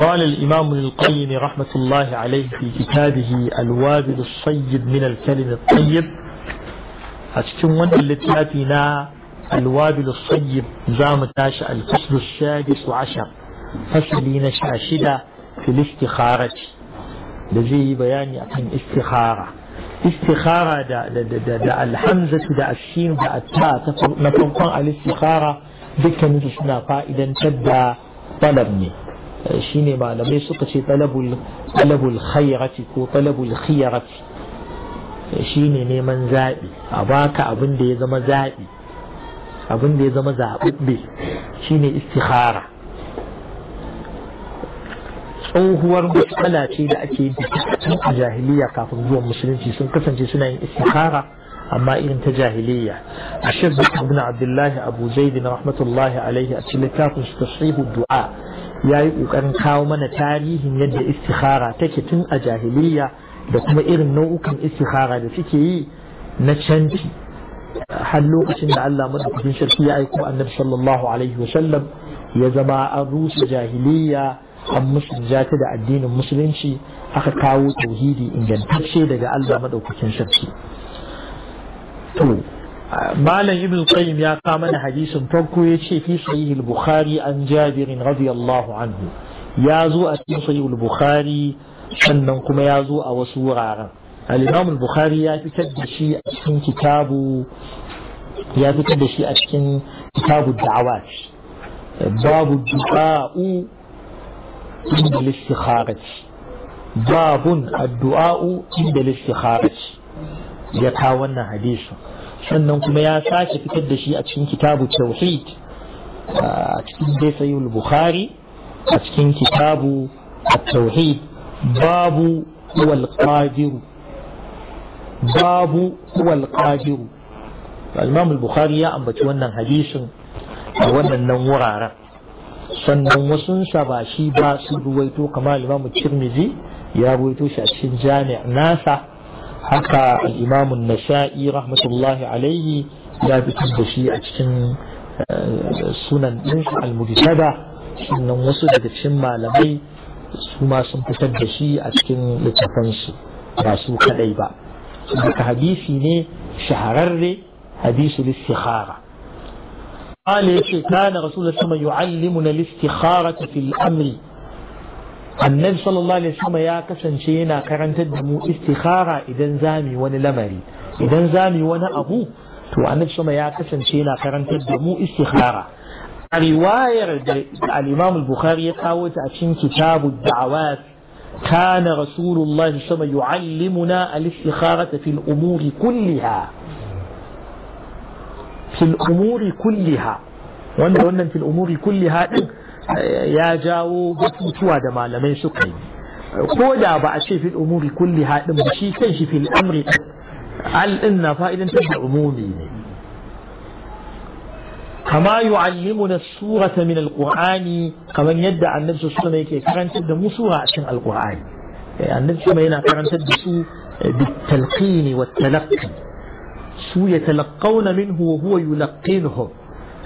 قال الإمام القيم رحمة الله عليه في كتابه الوابل الصيب من الكلم الطيب أتكون وانا لتاتنا الوابل الصيب زام تاش الفصل السادس عشر فصلين شاشدة في الاستخارة لذي بياني أكن استخارة استخارة دا, دا, دا, دا, دا الحمزة دا الشين دا التاء نفرقان الاستخارة ذكا نفسنا فائدا تبدا طلبني shine malamai suka ce talabul طلب khayrati ko talabul khiyarati shine neman ني من baka أباك أبن ya zama zaɓi أبن da ya zama zaɓaɓɓe shine istikhara tsohuwar matsala ce da ake yi cikin jahiliya kafin zuwan musulunci sun kasance suna yin istikhara amma irin ta jahiliya a shek ibn abdullahi abu zaidin rahmatullahi alaihi a cikin littafin tasrihu du'a ya yi ƙoƙarin kawo mana tarihin yadda istikhara take tun a jahiliya da kuma irin nau'ukan istikhara da suke yi na canci har lokacin da Allah madaukakin sarki ya aiko annabi sallallahu alaihi wa sallam ya zama an rusa jahiliya an musulunta ta da addinin musulunci aka kawo tauhidi ingantacce daga Allah madaukakin sarki to مالن ابن القيم يا قامن حديث فرقو يشي في صحيح البخاري عن جابر رضي الله عنه يا زو أتي صحيح البخاري شنن كما يا زو أو سورة الإمام البخاري يا تتدشي أتكن كتاب يا تتدشي أتكن كتاب الدعوات باب الدعاء عند الاستخارة باب الدعاء عند الاستخارة يتاونا حديث sannan kuma ya sake fitar da shi a cikin kitabu tauhid a cikin dai sayyul bukhari a cikin kitabu tauhid babu wal qadiru babu wal qadiru imam bukhari ya ambaci wannan hadisin a wannan nan wuraren sannan wasu ba shi ba su ruwaito kamar al-imam ya ruwaito shi a cikin jami'a nasa حتى الإمام النسائي رحمة الله عليه لا بتجد شيء أجتن سنن إنس المجتبة إن وصد أجتن ما لبي سما سنتجد شيء أجتن لتفنس رسول كليبا سنك حديثيني شهرر حديث الاستخارة قال كان رسول الله يعلمنا الاستخارة في الأمر النبي صلى الله عليه وسلم يا كسنشي ينا كرنت الدمو استخارة إذن زامي وني لمري إذن زامي وني أبو تو النبي صلى الله عليه وسلم يا كسنشي ينا كرنت الدمو استخارة رواية الإمام البخاري قاوت أشين كتاب الدعوات كان رسول الله صلى يعلمنا الاستخارة في الأمور كلها في الأمور كلها وأن في الأمور كلها ya jawo batutuwa da malamai suka yi ko da ba a ce fil umuri kulli haɗin ba shi kan shi fil amri al ɗin na fa'idantar da umumi ne kama yu'allimuna surata min alqur'ani kamar yadda annabi sallallahu alaihi yake karantar da mu sura a cikin alqur'ani annabi sallallahu yana karantar da su bitalqini wat talaqqi su yatalaqawna minhu wa huwa yulaqqinuhum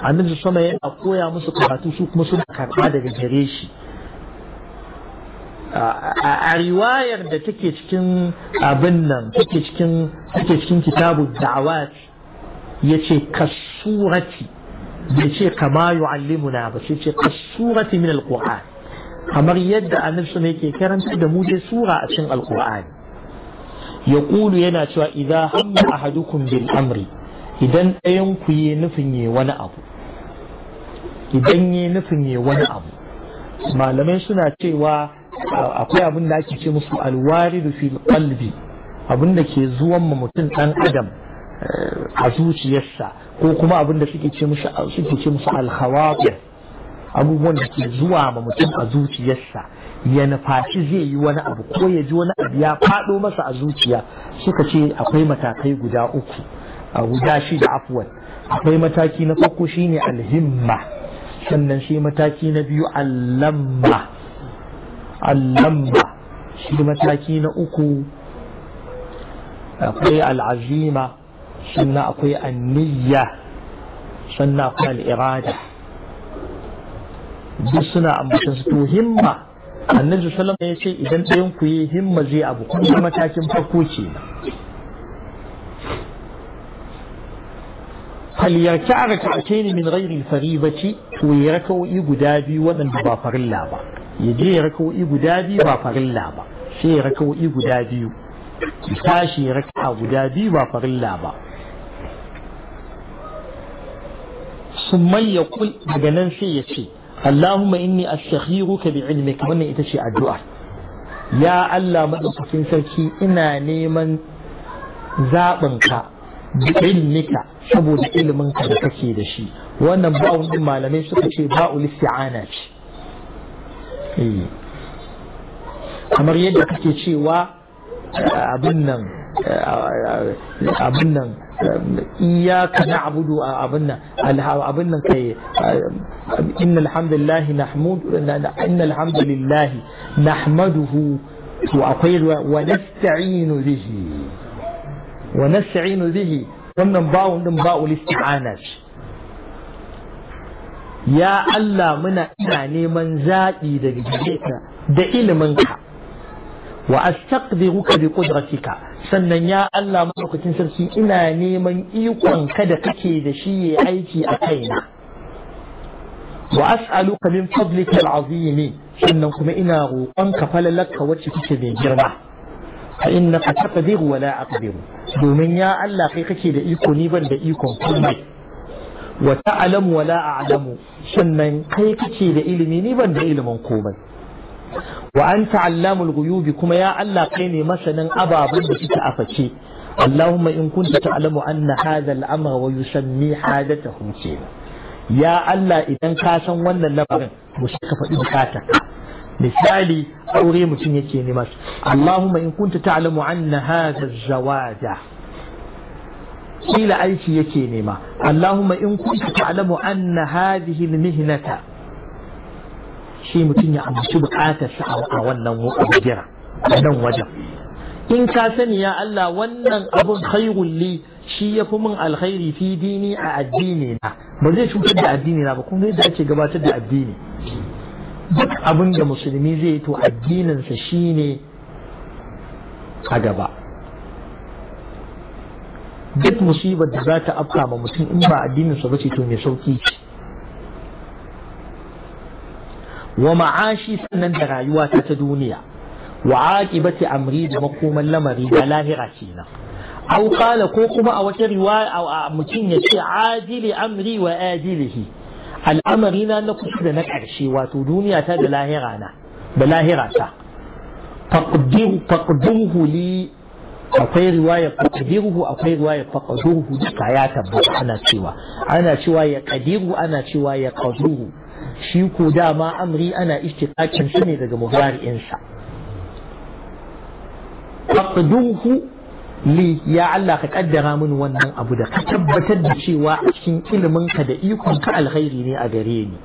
annabi sama ya koya musu karatu su kuma suna karɓa daga gare shi a riwayar da take cikin abin nan take cikin take cikin kitabu da'awat yace kasurati bai ce kama yu'allimuna ba sai ce kasurati min alquran kamar yadda annabi sama yake karanta da mu dai sura a cikin alqur'ani yaqulu yana cewa idza hamma ahadukum bil amri idan ɗayan ku yi nufin yi wani abu idan yi nufin ya wani abu malamai suna cewa akwai abin da ake ce musu da fi qalbi abin da ke zuwan ma mutum dan adam eh, a zuciyarsa ko kuma abin da suke ce musu suke abubuwan da ke zuwa ma mutum a zuciyarsa ya nufaci zai yi wani abu ko ya ji wani abu ya faɗo masa a zuciya suka ce akwai matakai guda uku a guda shida afwan akwai mataki na farko shine alhimma sannan shi mataki na biyu allamba allamba shi mataki na uku akwai al'azima sannan akwai anniya sannan akwai al'irada duk suna ambatan su to himma annabi sallallahu alaihi ya ce idan ɗayan ku yi himma zai abu kun kuma matakin farko ce فليركع ركعتين من غير الفريضة to ya raka'o'i guda biyu waɗanda ba farilla ba ya je ya raka'o'i guda biyu ba farilla ba sai ya raka'o'i guda biyu ya tashi ya raka'a guda biyu ba farilla ba summan ya kul daga nan sai ya ce Allahumma inni astakhiruka bi ilmika wannan ita ce addu'a ya Allah madaukakin sarki ina neman zaɓinka bi ilmika saboda ilimin ka da kake da shi wannan ba'un din malamai suka ce ba'ul isti'ana ce kamar yadda kake cewa abin nan abin nan iyaka na'budu abin nan abin nan kai innal hamdalillah nahmudu innal hamdalillah nahmaduhu to akwai wa nasta'inu bihi wa nasta'inu bihi wannan bawun din ba'ul isti'ana ce ya Allah muna ina neman zaɓi daga gare ka da iliminka wa astaqdiruka bi qudratika sannan ya Allah madaukakin sarki ina neman ikon ka da kake da shi ya aiki a kaina wa as'aluka min fadlika al'azim sannan kuma ina roƙon ka falalaka wacce kake mai girma fa innaka taqdiru wa la aqdiru domin ya Allah kai kake da iko ni ban da ikon komai wa ta'lamu wa la a'lamu sannan kai kake da ilimi ni ban da ilimin komai wa anta allamul ghuyubi kuma ya Allah kai ne masanin ababen da suke afake اللهم إن كنت تعلم أن هذا الأمر ويسمي حاجته كينا يا الله إذا كاسا ولا لبغ مش كفا إذا مثالي aure mutum yake nema Allahumma in kunta ta'lamu anna hadha zawaja kila aiki yake nema Allahumma in kunta ta'lamu anna hadhihi al-mihnata shi mutum ya ambaci bukatar sa a wannan wajen wajen in ka sani ya Allah wannan abun khairul li shi ya fi min alkhairi fi dini a addini na ba zai cutar da addini na ba kuma yadda ake gabatar da addini duk abin da musulmi zai yi to addininsa shine a gaba duk musibar da za ta afka ma mutum in ba addininsa ba ce to mai sauki ce wa ma'ashi sannan da rayuwa ta ta duniya wa aqibati amri da makoman lamari da lahira kenan au kala ko kuma a wata riwaya mutum ya ce ajili amri wa ajilihi al'amari na na kusa da na ƙarshe wato duniya ta da lahira na da lahira ta faqdirhu li akwai riwaya faqdirhu akwai riwaya faqdirhu duka ya tabbata ana cewa ana cewa ya qadiru ana cewa ya qadiru shi ko dama amri ana istiqaqin shi ne daga mudari'in sa faqdirhu li ya Allah ka kaddara min wannan abu da ka tabbatar da cewa a cikin ilimin ka da ikon ka alkhairi ne a gare ni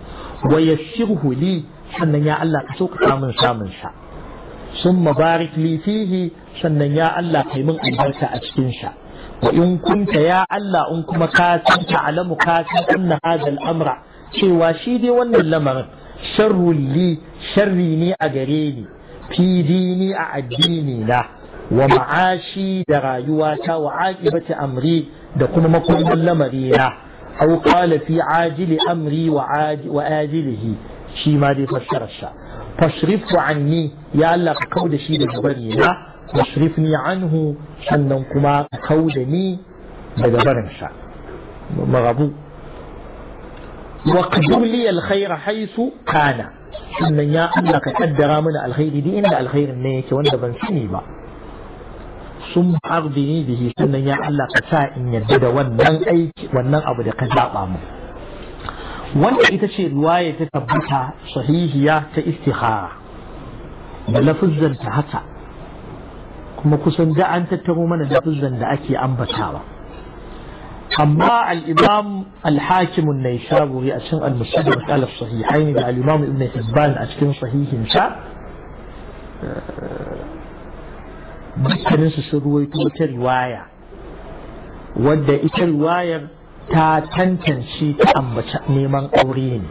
wa yassirhu li sannan ya Allah ka samun samun sa Sun barik li fihi sannan ya Allah kai min albarka a cikin sa wa in kunta ya Allah in kuma ka san ta'lamu ka san anna hadha amra cewa shi dai wannan lamarin sharrul li sharri ne a gare ni fi dini a addini na wa ma'ashi da rayuwata wa aqibati amri da kuma makullin lamarina aw qala fi ajili amri wa wa ajilihi shi ma dai fassarar sa fashrifu anni ya Allah ka kauda shi daga barina washrifni anhu sannan kuma ka kauda ni daga barin sa magabu wa qadur alkhair haythu kana sannan ya Allah ka kaddara mana alkhairi duk inda alkhairin ne yake wanda ban sani ba sun ardini bihi sannan ya Allah ka sa in yadda da wannan aiki wannan abu da ka zaba mu wannan ita ce ruwaya ta tabbata sahihiya ta istikhara da lafuzzan ta haka kuma kusan da an tattaro mana lafuzzan da ake ambatawa amma al-imam al-hakim an-naysaburi a cikin al-mustadrak al-sahihain da al-imam ibn hibban a cikin sahihin sa dukkanin su sun ruwaito wata riwaya wadda ita riwayar ta tantance ta ambaci neman aure ne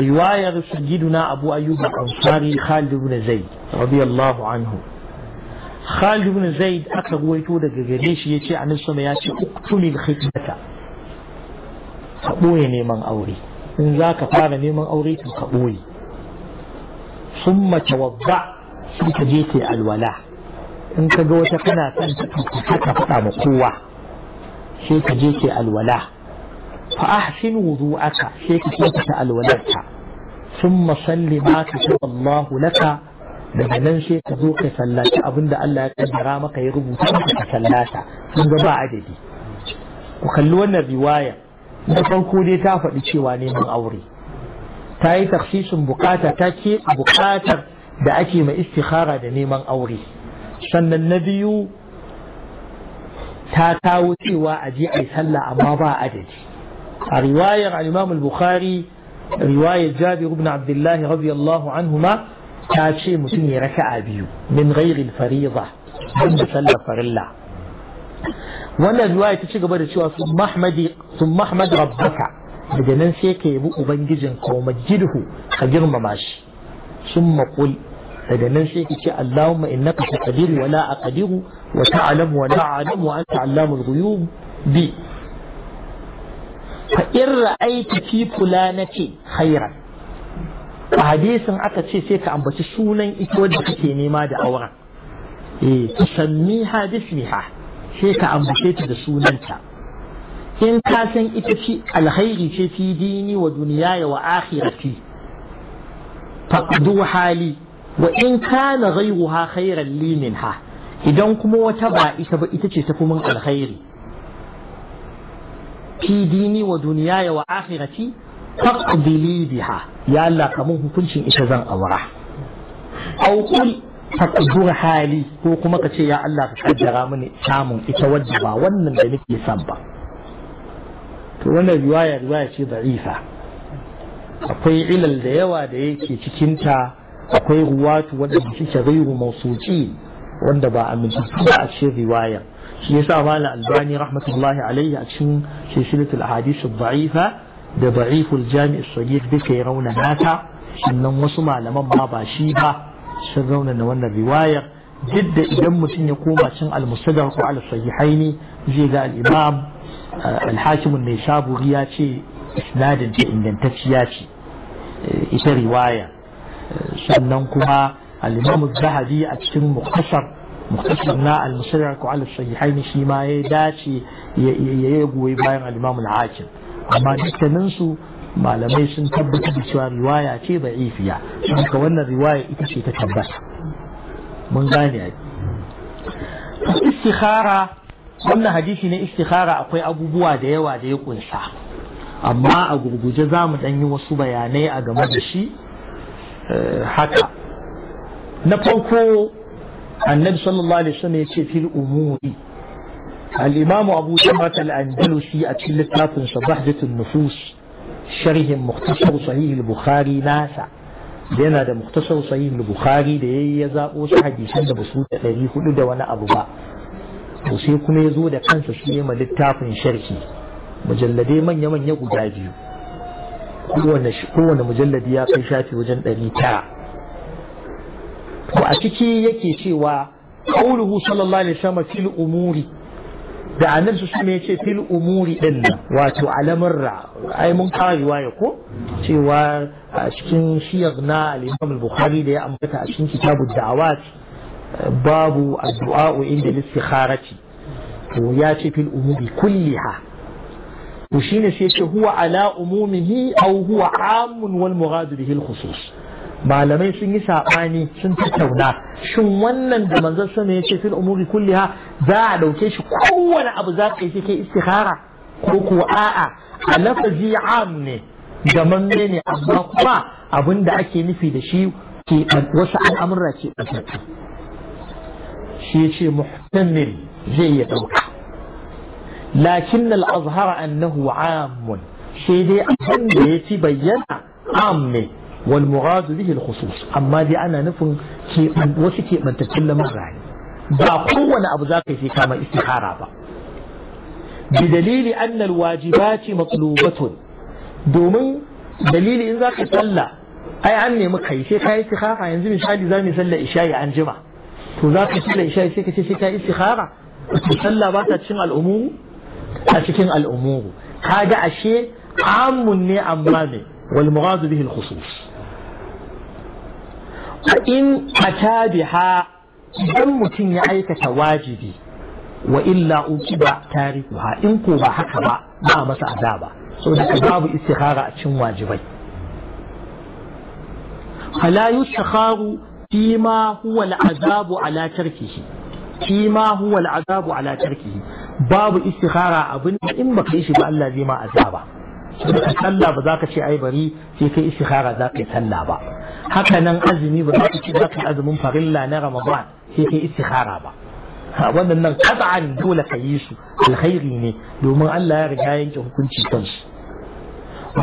riwayar sayyiduna abu ayyub ansari khalid ibn zaid radiyallahu anhu khalid ibn zaid aka ruwaito daga gare shi yace annabi sama ya ce uktumil khitbata ka boye neman aure in zaka fara neman aure to ka boye summa tawadda sai ka je kai alwala in ka ga wata kana son ta ka faɗa ma kowa sai ka je ke alwala fa ahsin aka sai ka kyautata alwalarka salli ma ta Allah laka daga nan sai ka zo ka sallaci abinda Allah ya kaddara maka ya rubuta maka ka sallata kun ga ba adadi ku kalli wannan riwaya na farko dai ta faɗi cewa neman aure ta yi taksisin bukata ta ke bukatar da ake mai istikhara da neman aure سن النبي تاتاوتي واجي اي سلا اما با اجي رواية عن الإمام البخاري رواية جابر بن عبد الله رضي الله عنهما كاشي متني ركع بيو من غير الفريضة من سلا فرلا وانا رواية تشيك بارد شوى ثم أحمد ثم أحمد ربك بدنا سيكي بو أبنجزن قوم جده خجر مماشي ثم قل daga nan sai kike ce Allahumma innaka taqdiru wa la aqdiru wa ta'lamu wa la a'lamu wa anta allamul ghuyub bi fa in ra'aiti fi fulanati khairan a hadisin aka ce sai ka ambaci sunan ita wadda kake nema da auren eh tusammiha bismiha sai ka ambace ta da sunanta in ka san ita ce alkhairi ce fi dini wa duniyaya wa akhirati faqdu hali wa in kana ghayruha khairan li minha idan kuma wata ba ita ba ita ce tafi min alkhairi fi dini wa ya wa akhirati faqdili biha ya Allah hukuncin ita zan aura aw qul taqdur hali ko kuma ka ce ya Allah ka kaddara mini samun ita wadda ba wannan da nake son ba to wannan riwaya riwaya ce da'ifa akwai ilal da yawa da yake cikinta akwai ruwatu wanda shi shari'u mausuci wanda ba amintattu ba a cikin riwaya shi yasa malam albani rahmatullahi alaihi a cikin silsilatul ahadith ad-da'ifa da da'iful jami' as-saghir duka ya rauna nata sannan wasu malaman ma ba shi ba sun rauna na wannan riwayar duk da idan mutum ya koma cin al-musaddaq ko al-sahihaini zai ga al-imam eh, al-hakim an-nishaburi ya ce isnadin ta ingantacciya ce eh, ita riwaya sannan kuma al-imam zahabi a cikin mukhtasar mukhtasar na al-musarrar ku ala sahihaini shi ma ya dace ya yi goyi bayan al-imam al-hakim amma dukkanin su malamai sun tabbata da cewa riwaya ce da ifiya ka wannan riwaya ita ce ta tabbata mun gane a istikhara wannan hadisi na istikhara akwai abubuwa da yawa da ya kunsa amma a gurguje za mu ɗan yi wasu bayanai a game da shi haka na farko annabi sallallahu alaihi wasallam ya ce fil umuri al imam abu jamaat al-andalusi a cikin littafin sa bahdatun nufus sharh muhtasab sahih al-bukhari nasa yana da muhtasab sahih al-bukhari da yayi ya zabo shi hadisan da busu da 400 da wani abu ba to sai kuma yazo da kansa shi ne littafin sharhi mujalladai manya-manya guda biyu kowane kowane mujalladi ya kai shafi wajen 900 to a ciki yake cewa qauluhu sallallahu alaihi wasallam fil umuri da annabi su ne ce fil umuri din nan wato alamarra ai mun kawo riwaya ko cewa a cikin shiyar na al-Imam al-Bukhari da ya ambata a cikin kitabu da'awat babu addu'a inda listikharati to ya ce fil umuri kulliha وشين يشيش هو على أمومه أو هو عام والمغاد به الخصوص ما لم يسن يسعاني سن تتونا شن ونن دمان زرسن في الأمور كلها داع لو كيش كون أبزاق كيش كي استخارة كوكو آآ ألفزي عامني دمان ميني أبزاق ما أبن دعكي نفيد شي كي وسع الأمر راكي أبزاق شيش محتمل زي يتوكي لكن الأظهر أنه عام شيء أهم بيتي بينا عام والمراد به الخصوص أما دي أنا نفهم كي وسكي من تكلم الرعي باقوة أبزاك في كما استخارة با بدليل أن الواجبات مطلوبة دومي دليل إن ذاك صلى أي عني مكي شيء كاي استخارة ينزل مش حالي زامي سلا إشاي عن جمع تو ذاك سلا إشاي شيء كاي استخارة تسلى باتت شمع الأمور a cikin al'umuru kaga ashe amun ne amma ne wal muradu bihi al-khusus in atabiha idan mutum ya aikata wajibi wa illa ukiba tarikuha in ko ba haka ba ba masa azaba saboda babu istikhara a cikin wajibai fala yustakharu فيما هو العذاب على تركه فيما هو العذاب على تركه باب استخارة أبن إن بقيش بالله زي ما أزابا سلا بذاك شيء أي بري في كي استخارة ذاك سلا با حتى نن أزمي بذاك شيء ذاك أزم فغلا نرى مضان في كي استخارة با وانا نن قطعا دولة كيسو الخيريني لما ألا رجاين جو كل شيء تنس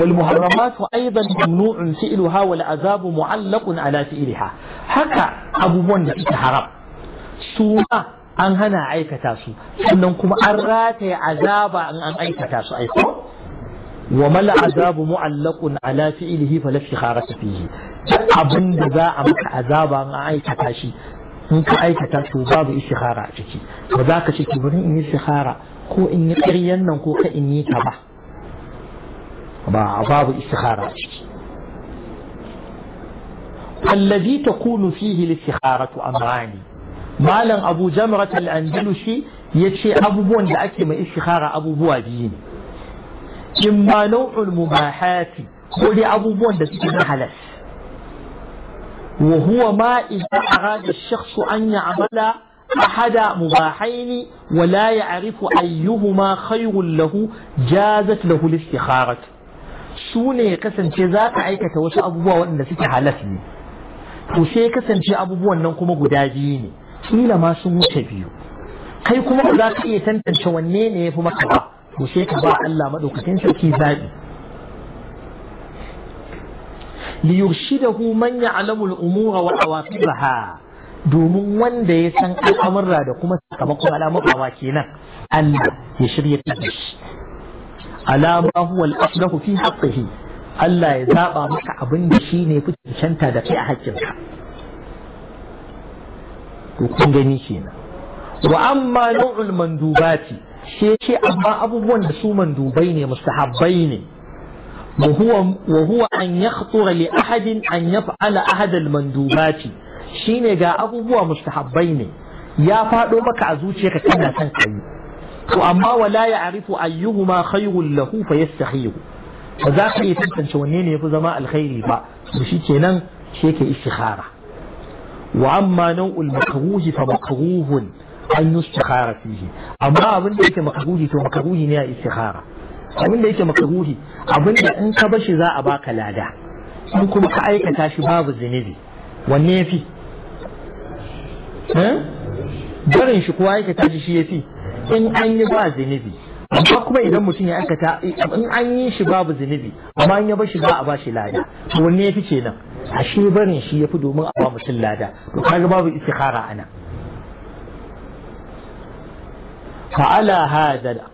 والمحرمات أيضا ممنوع سئلها والعذاب معلق على سئلها حتى أبو بوان استخارة سورة an hana aikata su sannan kuma an rataye azaba in an aikata su aiko wa mal azabu mu'allaqun ala fi'lihi fala shikharata fihi abinda za a maka azaba in an aikata shi in ka aikata to babu ishihara a ciki ba za ka ce ki bari in yi ishihara ko in yi ƙaryan nan ko ka in yi ta ba ba babu ishihara a ciki الذي تكون فيه الاستخارة أمران malam abu jamrat al-andalushi ya ce abubuwan da ake mai ishihara abubuwa biyu ne in ma nau'ul mubahati ko dai abubuwan da suke na halas wa huwa ma idza arada shakhsu an ya'mala ahada mubahaini wa la ya'rifu ayyuhuma khayrun lahu jazat lahu al-istikharat su ne ya kasance za ka aikata wasu abubuwa waɗanda suke halas ne to sai ya kasance abubuwan nan kuma guda biyu ne kila ma sun wuce biyu kai kuma ba za ka iya tantance wanne ne ya fi maka ba to sai ka ba Allah madaukakin sarki zaɓi li yurshidahu man ya'lamu al-umura wa awaqibaha domin wanda ya san al'amurra da kuma sakamakon al'amurrawa kenan Allah ya shirya ta shi alama huwa al-aslahu fi haqqihi Allah ya zaba maka abin da ne fi cancanta da kai a haƙƙinka to kun gani kenan wa amma nau'ul mandubati shi ce amma abubuwan da su mandubai ne mustahabbai ne وهو أن يخطر لأحد أن يفعل أحد المندوبات shine ga abubuwa mustahabbai ne ya faɗo maka a zuciyarka kana son kai to amma wala ya arifu ayyuhuma khayrun lahu fa yastahiyu ba za ka iya tantance wanne ne fi zama alkhairi ba to shi ke ka istikhara وأما نوع المكروه فمكروه أن يستخار فيه أما أبن ليس مكروه فمكروه نيا استخارة أبن ليس مكروه أبن إن كبش ذا أباك لا دا إن كأيك تاشي الزنبي والنيفي ها barin shi kuwa yake tashi shi yafi in an yi ba zunubi amma kuma idan mutum ya aikata in an yi shi babu zinibi, amma in ya bar shi za a ba shi lada to wanne yafi kenan ashe barin shi ya fi domin a ba mutum lada to kaga babu istikhara ana fa ala hada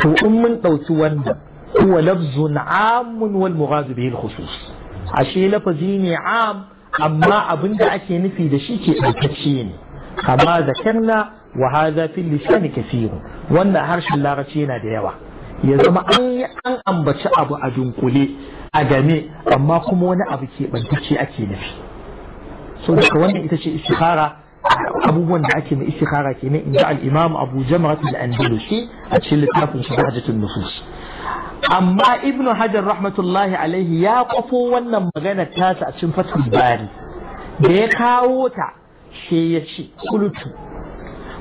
to in mun dauki wanda huwa lafzun amun wal muradu bihi al khusus ashe lafazi ne am amma abin da ake nufi da shi ke ɗaukacce ne kama zakarna wa hada fil lisan kaseer wannan harshen larabci yana da yawa ya zama an an ambaci abu a dunkule a amma kuma wani abu keɓantacce ake nufi so daga wannan ita ce istikhara abubuwan da ake na istikhara ke nan inda al-imam abu jama'at al-andalusi a cikin littafin shi hajjatul nufus amma ibn hajar rahmatullahi alaihi ya kwafo wannan magana tasa a cikin fatul bari da ya kawo ta she ya ce kulutu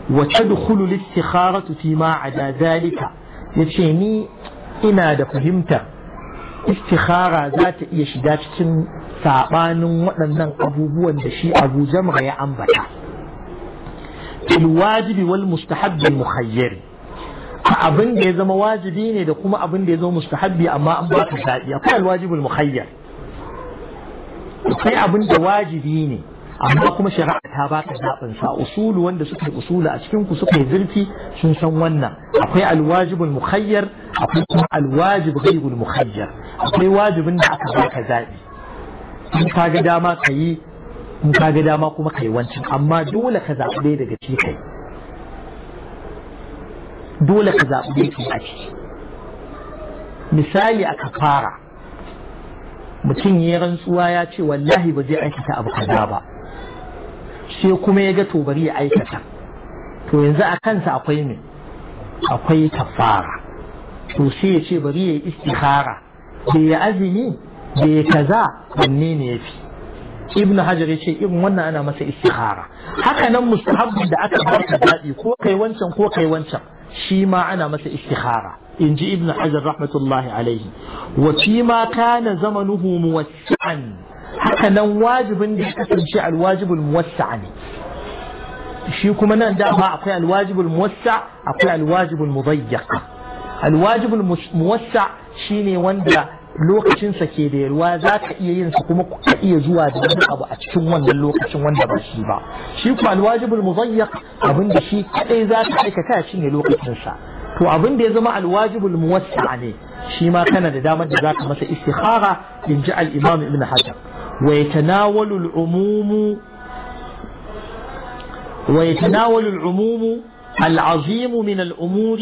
wa tadkhulu al-istikharatu fi ma ada yace ni ina da fahimtar istikhara za ta iya shiga cikin saɓanin waɗannan abubuwan da shi abu mara ya ambata wajibi wal mustahabbi mukhayyari abin da ya zama wajibi ne da kuma abin da ya zama mustahabbi amma an ba ka zaɓi akwai alwajibul mukhayyar akwai abin da wajibi ne amma kuma shari'a ta ba ka zaɓin sa usulu wanda suka yi usulu a cikin ku suka yi zurfi sun san wannan akwai alwajibul mukhayyar akwai kuma alwajib ghayrul mukhayyar akwai wajibin da aka ba ka zaɓi in ka ga dama ka yi in ka ga dama kuma ka yi wancan amma dole ka zaɓi ɗaya daga ciki kai dole ka zaɓi ɗaya cikin a ciki misali aka fara mutum ya rantsuwa ya ce wallahi ba zai aikata abu kaza ba sai kuma ya ga to bari ya aikata to yanzu a kansa akwai ne akwai kafara to sai ya ce bari ya yi istikhara da ya azumi da ya kaza wanne ne ya fi ibnu hajar ya ce irin wannan ana masa istikhara haka nan mustahabbi da aka ba ka daɗi ko kai wancan ko kai wancan shi ma ana masa istikhara in ji ibnu hajar rahmatullahi alaihi wa fi ma kana zamanuhu muwassi'an هكذا واجب نحن شيء الواجب الموسع شيء كما نعم أعطي الواجب الموسع أعطي الواجب المضيق الواجب الموسع شيني واندى لوكشن سكيدي الوازات يين سكومك أي زواج من أبو أتشون وان اللوكشن وان بشيبا شيكو الواجب المضيق أبن دشي كأي ذات أي كتاشين اللوكشن سا تو أبن دي زما الواجب الموسع عني شيما كان دا دامن دا ذات مثل استخارة ينجع الإمام ابن حجر ويتناول العموم ويتناول العموم العظيم من الأمور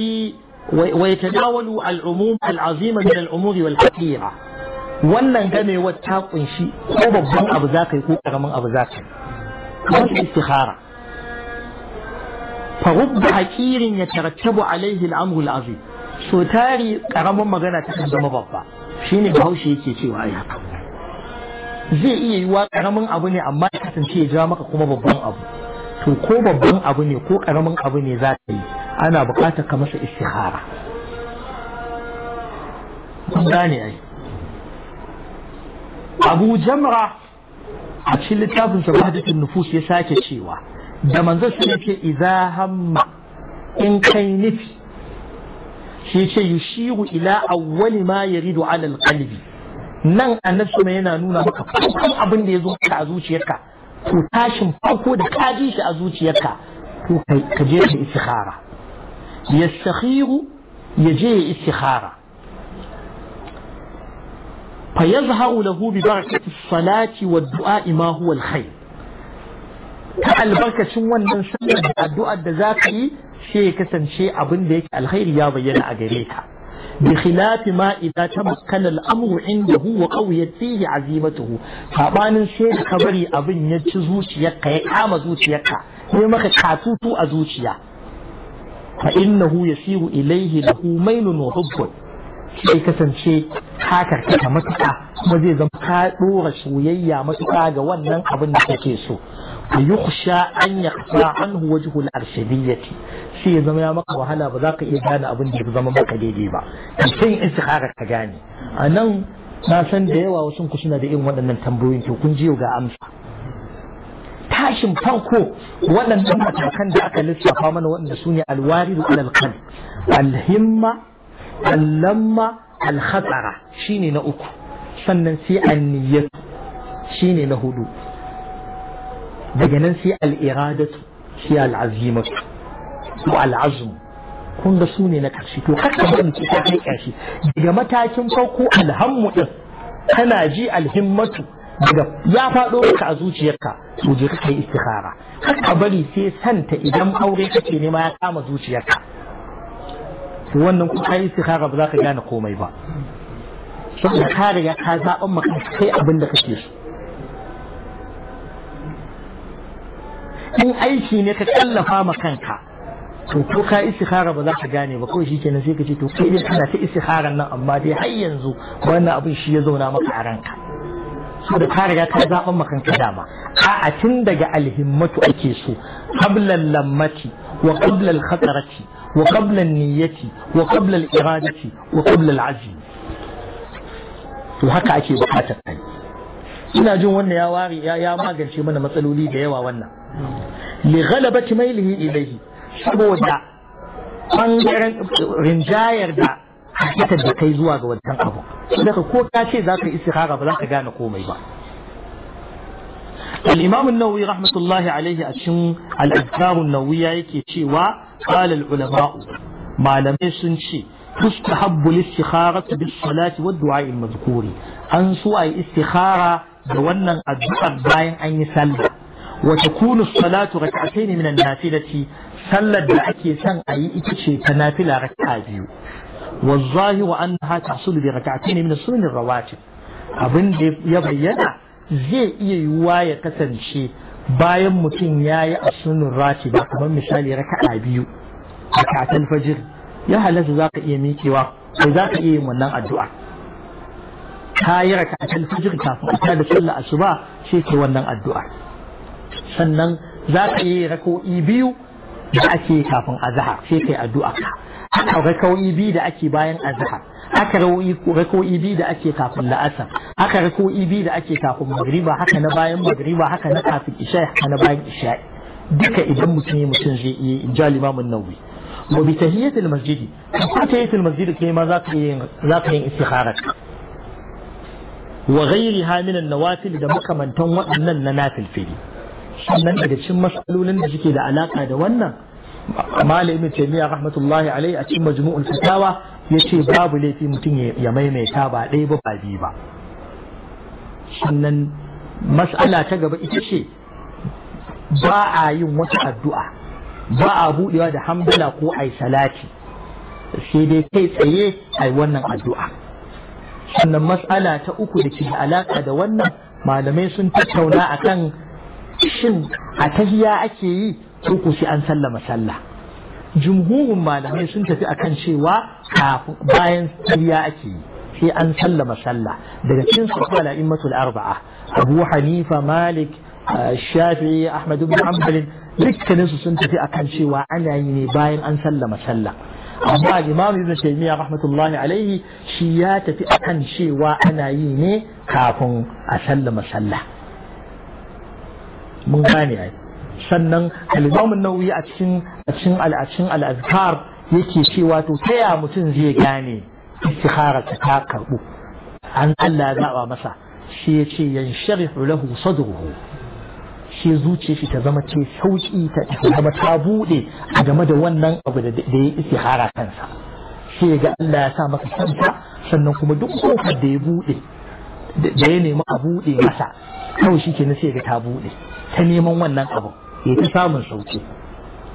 ويتناول العموم العظيم من الأمور والحقيقة wannan gamewar ta kunshi ko babban abu za ka yi ko karamin abu za ka yi wata istikhara fa rubba hakirin ya tarattabu alaihi al'amru al'azim so tari karamin magana ta zama babba shine bahaushe yake cewa ai haka zai iya yiwa karamin abu ne amma ya kasance ya ja maka kuma babban abu to ko babban abu ne ko karamin abu ne za ka yi ana bukatar ka masa istihara kun gane ai abu jamra a cikin littafin sa bahdatun nufus ya sake cewa da manzon sai yake idza hamma in kai nufi shi ce yushiru ila awwali ma yaridu ala alqalbi nan annabi sama yana nuna maka farkon abin da yazo a zuciyarka to tashin farko da ka ji shi a zuciyarka to kai ka je ka istikhara yastakhiru ya je istikhara fa yazharu lahu bi barakati salati wa du'a ma huwa alkhair ta albarkacin wannan sallar da addu'ar da zaka yi sai ya kasance abin da yake alkhairi ya bayyana a gare ka بخلاف ما إذا تمكن الأمر عنده وقويت فيه عزيمته فأبان شيء خبري أبن يجزوش يكا يقام زوش يكا ويمك كاتوتو أزوش يكا فإنه يسير إليه له ميل وحب sai kasance ka karkata matuƙa kuma zai zama ka ɗora soyayya matuƙa ga wannan abin da kake so A ya أن يخفى عنه وجه الأرشدية شيء زما يا مكة وهلا بذاك إيجانا أبن دي زما مكة دي دي با ka gane? A nan na san da yawa wasu ku suna da yin waɗannan tambayoyin to kun jiyo ga amsa tashin farko waɗannan matakan da aka lissafa mana waɗanda su ne alwaridu alal kan alhimma allamma alhatsara shine na uku sannan sai anniyyatu shine na hudu daga nan sai al'iradatu sai al'azimatu ko al'azmu kun ga su ne na ƙarshe to haka ban ce ta kai ƙarshe daga matakin farko alhammu din kana ji alhimmatu daga ya faɗo maka a zuciyarka to je ka kai istikhara haka bari sai santa idan aure kake nema ya kama zuciyarka to wannan ku kai istikhara ba za ka gane komai ba saboda ka riga ka zaɓan maka kai abin da kake so in aiki ne ka tallafa ma kanka to ko ka istikhara ba za ka gane ba kawai shikenan sai ka ce to kai dai kana ta istikharan nan amma dai har yanzu wannan abin shi ya zauna maka a ranka da ka riga ka zaɓan ma kanka dama a tun daga alhimmatu ake so Qablan lammati wa qabla al-khatarati wa qablan niyyati wa qabla al-iradati wa qabla azmi to haka ake bukatar kai ina jin wannan ya ware ya ya magance mana matsaloli da yawa wannan li ghalabati mailihi ilayhi saboda bangaren rinjayar da hakikan da kai zuwa ga wannan abu daga ko ka ce za ka istikhara ba za ka gane komai ba الإمام النووي رحمة الله عليه أشن الأذكار النووية يكي قال العلماء ما لم يسنشي تستحب الاستخارة بالصلاة والدعاء المذكور أنسوا أي استخارة da wannan addu'ar bayan an yi sallah wa takunu salatu rak'atayn min an-nafilati sallar da ake son a yi ita ce ta nafila rak'a biyu wa zahiru annaha tahsulu bi rak'atayn min sunan rawatib abin da ya bayyana zai iya yiwuwa ya kasance bayan mutum ya yi a sunan ba kamar misali raka'a biyu katan fajir ya halatta zaka iya mikewa za zaka iya yin wannan addu'a Ta yi raka'atul fajr kafin ka da a asuba sai kai wannan addu'a sannan za ka yi raka'o'i biyu da ake kafin azhar sai kai addu'a ka haka raka'o'i biyu da ake bayan azhar haka raka'o'i biyu da ake kafin la'asar haka raka'o'i biyu da ake kafin magriba haka na bayan magriba haka na kafin isha'i haka na bayan isha'i duka idan mutum ya mutum zai iya in ja limamin nawawi wa bi tahiyatul masjidi ko tahiyatul masjidi kai ma za ka yi za ka yi istikharar wa Hamina haminan nawafil da makamantan waɗannan na nafilfili sannan daga cikin matsalolin da suke da alaƙa da wannan malamin taimiyya rahmatullahi alai a cikin majmu'ul fatawa ya ce babu laifi mutum ya maimaita ba ɗaya ba ba biyu ba sannan mas'ala ta gaba ita ce ba a yin wata addu'a ba a buɗewa da hamdala ko ai salati sai dai kai tsaye ai wannan addu'a sannan matsala ta uku da ke da alaƙa da wannan malamai sun tattauna akan shin a tahiya ake yi ko ku an sallama sallah jumhurin malamai sun tafi akan cewa bayan tahiya ake yi sai an sallama sallah daga cikin sahabbai al'immatul arba'a Abu Hanifa Malik eh, Shafi'i Ahmadu, ibn Hanbal dukkaninsu sun tafi akan cewa ana yi ne bayan an sallama sallah amma al-imam ibn taymiya rahmatullahi alaihi shi ya tafi akan cewa ana yi ne kafin a sallama sallah mun gane ai sannan al-imam an-nawawi a cikin a cikin al-acin al-azkar yake cewa to ta ya mutum zai gane istikhara ta karbu an Allah zaba masa shi yace yansharihu lahu sadruhu shi zuce shi ta zama ce sauki ta zama ta bude a game da wannan abu da ya hara kansa sai ga Allah ya sa maka kanta sannan kuma duk kofar da ya bude da ya nemi a bude masa kawai shi na sai ga ta bude ta neman wannan abu ya ta samun sauki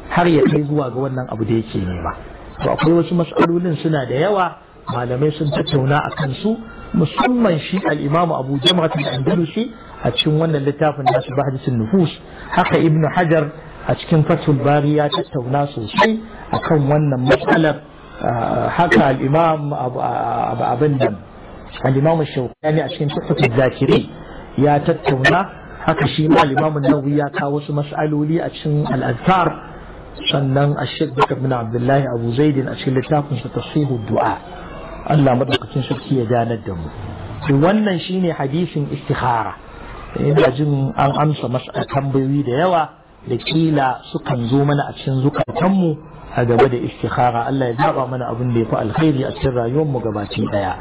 har ya kai zuwa ga wannan abu da yake nema to akwai wasu mas'alolin suna da yawa malamai sun tattauna a kansu musamman shi al-Imam abu jama'at al-andalusi a cikin wannan littafin nasu bahdisun nufus haka Ibn hajar a cikin Fathul bari ya tattauna sosai akan wannan matsalar haka al-Imam Abu abin al-Imam Shawkani a cikin tattakin zakiri ya tattauna haka shi ma al-Imam nawawi ya kawo wasu mas'aloli a cikin Al-Azhar sannan a Bakr bin Abdullah abu Zaid a cikin littafin sa tasihu du'a Allah madaukakin sarki ya ganar da mu wannan shine hadisin istikhara ina jin an amsa masa tambayoyi da yawa da kila sukan zo mana a cikin zukatanmu a gaba da istikhara Allah ya zaba mana abin da ya fi alkhairi a cikin rayuwar mu gabaki daya